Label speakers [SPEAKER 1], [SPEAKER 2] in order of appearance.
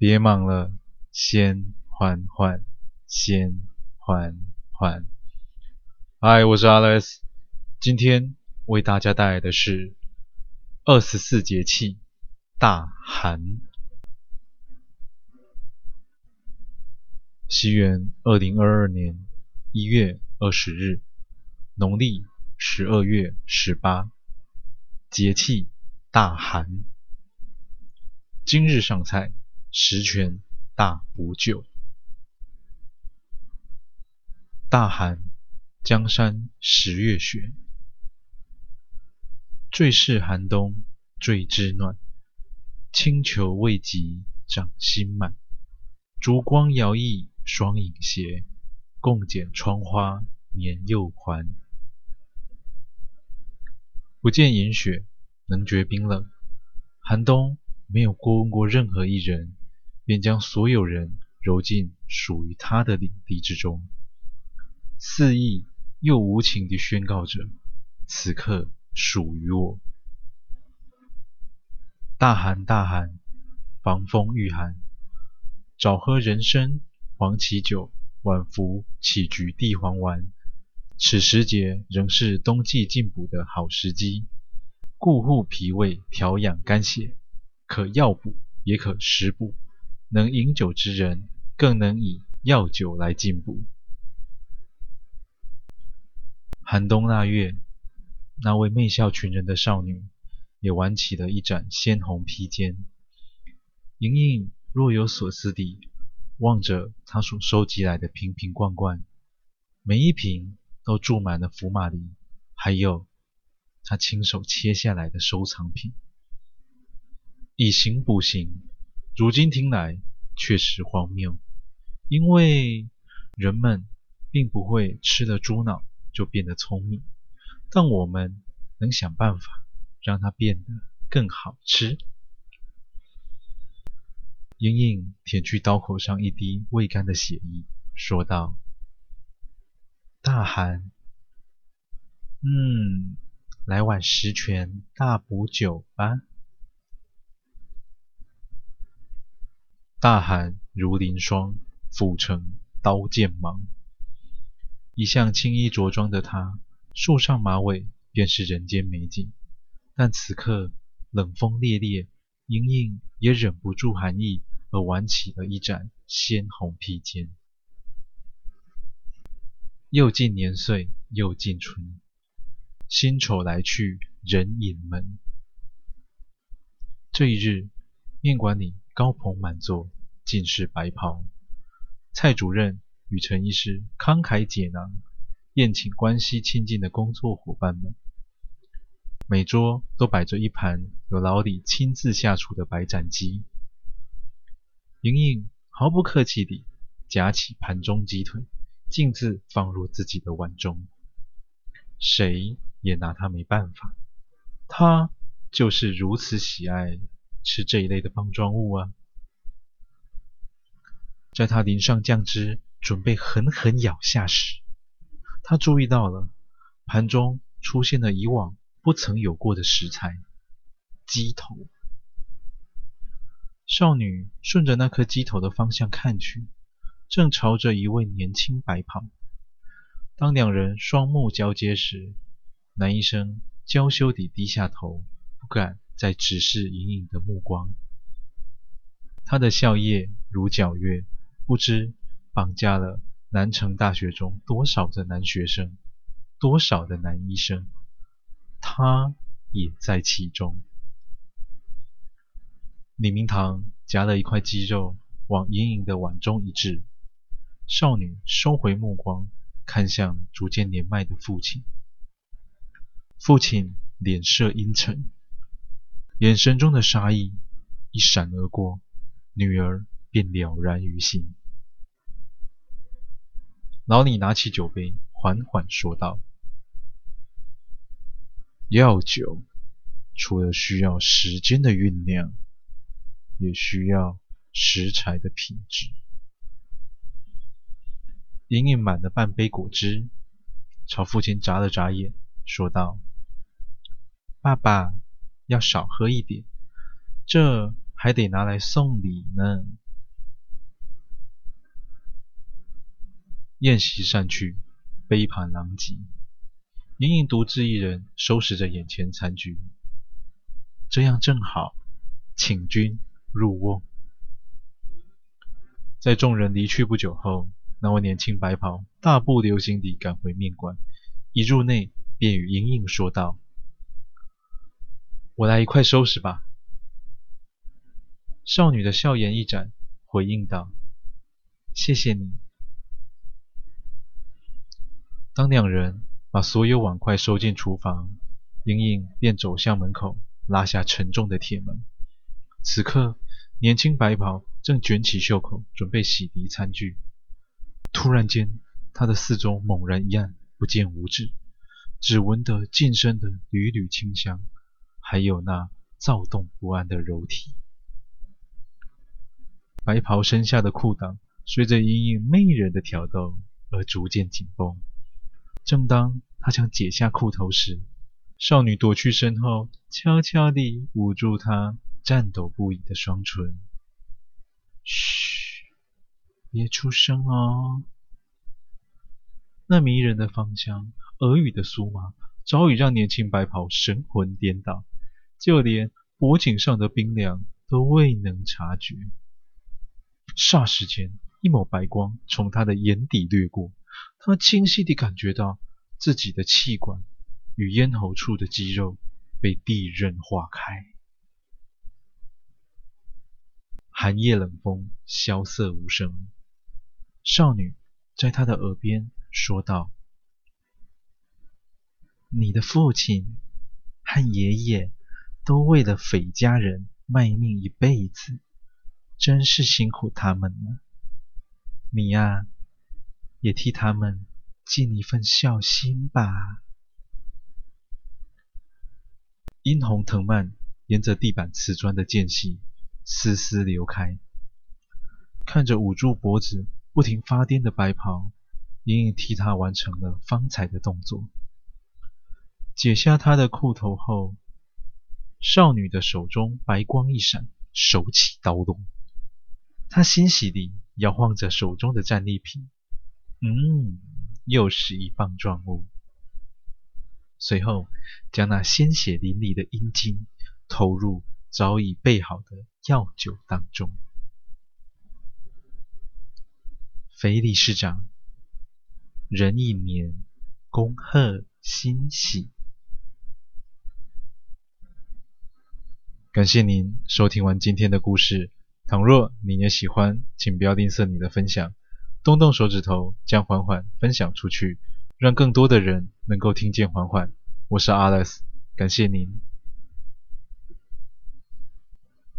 [SPEAKER 1] 別忙了，先緩緩，先緩緩。嗨，我是 Alex，今天為大家帶來的是二十四節氣大寒。西元二零二二年一月二十日，農曆十二月十八，節氣大寒。今日上菜。十全大補酒大，大寒江山十月雪，最是寒冬最知暖，輕裘未及掌心滿，燭光搖曳雙影斜，共剪窗花年又還。不見銀雪能覺冰冷，寒冬沒有過問過任何一人。便將所有人揉進屬於他的領地之中，肆意又無情地宣告着：“此刻屬於我。”大寒大寒，防風御寒，早喝人參黃芪酒，晚服杞菊地黃丸。此時節仍是冬季進補的好時機，固護脾胃，調養肝血，可藥補也可食補。能飲酒之人，更能以藥酒來進補。寒冬臘月，那位媚笑群人的少女，也挽起了一展鮮紅披肩。瑩瑩若有所思地望着她所收集來的瓶瓶罐罐，每一瓶都注滿了福馬林，還有她親手切下來的收藏品，以形補形。如今聽來確實荒謬，因為人們並不會吃了豬腦就變得聰明，但我們能想辦法讓它變得更好吃。瑩瑩舔去刀口上一滴未乾的血液，說道：“大寒，嗯，來碗十全大補酒吧。”大寒如臨霜，府城刀劍忙。一向輕衣著裝的她，束上馬尾便是人間美景。但此刻冷風獵獵，瑩瑩也忍不住寒意而挽起了一展鮮紅披肩。又近年歲，又近春，辛丑來去壬寅門。這一日，麵館裡。高朋滿座，盡是白袍。蔡主任與陳醫師慷慨解囊，宴請關係親近的工作夥伴們。每桌都擺着一盤由老李親自下廚的白斬雞。瑩瑩毫不客氣地夾起盤中雞腿，徑自放入自己的碗中。誰也拿她沒辦法，她就是如此喜愛。吃這一類的棒狀物啊！在她淋上醬汁，準備狠狠咬下時，她注意到了盤中出現了以往不曾有過的食材——雞頭。少女順着那顆雞頭的方向看去，正朝着一位年輕白袍。當兩人雙目交接時，男醫生嬌羞地低下頭，不敢。再直視瑩瑩的目光，她的笑靨如皎月，不知綁架了南成大學中多少的男學生，多少的男醫生，他也在其中。李明棠夾了一塊雞肉往瑩瑩的碗中一置，少女收回目光，看向逐漸年邁的父親，父親臉色陰沉，眼神中的殺意一閃而過，女兒便了然於心。老李拿起酒杯，緩緩說道：“藥酒除了需要時間的醞釀，也需要食材的品質。”瑩瑩滿了半杯果汁，朝父親眨了眨眼，說道：“爸爸。”要少喝一點，這還得拿來送禮呢。宴席散去，杯盤狼藉，瑩瑩獨自一人收拾着眼前殘局。這樣正好，請君入甕。在眾人離去不久後，那位年輕白袍大步流星地趕回麵館，一入內便與瑩瑩說道。我來一塊收拾吧。少女的笑顏一展，回應道：“謝謝你。”當兩人把所有碗筷收進廚房，瑩瑩便走向門口，拉下沉重的鐵門。此刻，年輕白袍正捲起袖口，準備洗滌餐具。突然間，他的四周猛然一暗，不見五指，只聞得近身的縷縷清香。還有那躁動不安的柔荑，白袍身下的褲襠隨着瑩瑩媚人的挑逗而逐漸緊繃。正當他想解下褲頭時，少女躲去身後，悄悄地捂住他顫抖不已的雙唇：“噓，別出聲哦。”那迷人的芳香，耳語的酥麻，早已讓年輕白袍神魂顛倒。就連脖頸上的冰涼都未能察覺。霎時間，一抹白光從他的眼底掠過，他清晰地感覺到自己的氣管與咽喉處的肌肉被利刃劃開。寒夜冷風，蕭瑟無聲，少女在他的耳邊說道：“你的父親和爺爺。”都為了斐家人賣命一輩子，真是辛苦他們了。你呀、啊，也替他們盡一份孝心吧。殷紅藤蔓沿着地板磁磚的間隙絲絲流開，看着捂住脖子不停發癲的白袍，瑩瑩替他完成了方才的動作，解下他的褲頭後，少女的手中白光一閃，手起刀落，她欣喜地搖晃着手中的戰利品，嗯，又是一棒狀物。隨後，將那鮮血淋漓的陰莖投入早已備好的藥酒當中。斐理事長，壬寅年，恭賀新喜。感謝您收聽完今天的故事。倘若你也喜歡，請不要吝嗇你的分享，動動手指頭將緩緩分享出去，讓更多的人能夠聽見緩緩。我是 Alex，感謝您。